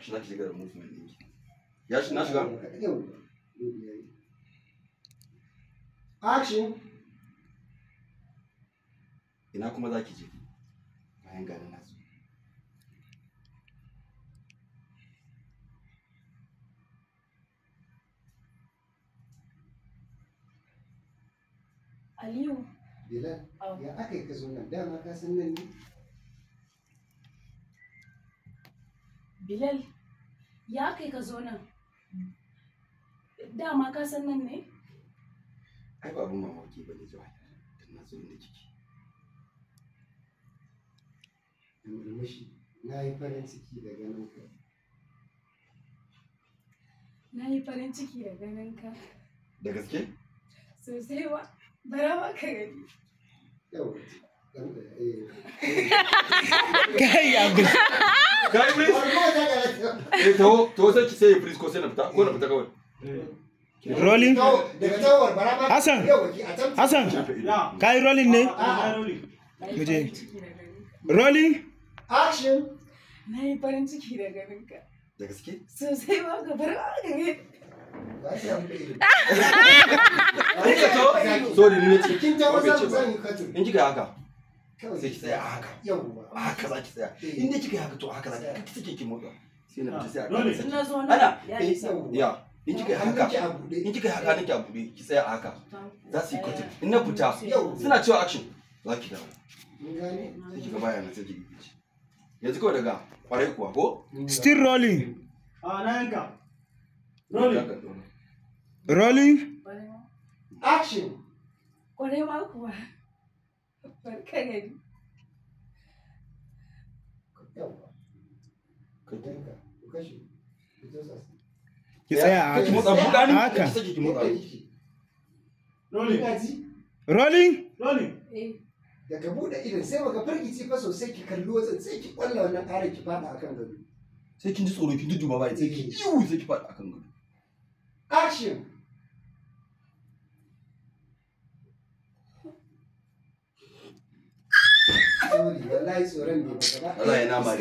shi za ki shiga da movement ɗinki action ina kuma za ki je na su Bila, oh. ya aka yi ka nan dama san nan Bilal ya kai ka zo nan dama ka san nan ne? Ai ba mamaki ba ne jawai don na zo inda kike. Da murmushi na yi farin ciki da ganin ka. Na yi farin ciki da ganin ka. Da gaske? Sosai ba, bara ba ka gani. Yawa, ɗan da ya eh. yi. Kai ya ka yi firis eh taho taho sai ki sai ko sai na fita ko rolling hassan hassan ka yi rolling ne muje rolling action na farin ciki da da gaske sosai ka bar ma Sorry, ne Kin ta wasa zan yi In haka. sai ki tsaya haka haka tsaya eh. in kika haka to haka kika motsa na ah, dole eh, ya in kika ah, haka in kika haka nake a bude ki tsaya haka za su yi kwatin in na suna cewa action yanzu kawai daga kwarai kuwa ko still rolling a ah, na yanka rolling action barka ka ka kashe ka ki tsaya a haka motsa buɗa ni haka rolling rolling rolling eh. da ka buɗe idan sai baka firgici fa sosai ki kalli wajen sai ki kwalla wannan ƙarar ki faɗa akan gado sai kin ji tsoro ki duduba bai sai ki eh. sai ki faɗa gado action sorry wallahi tsoron ne ba gaba. mare.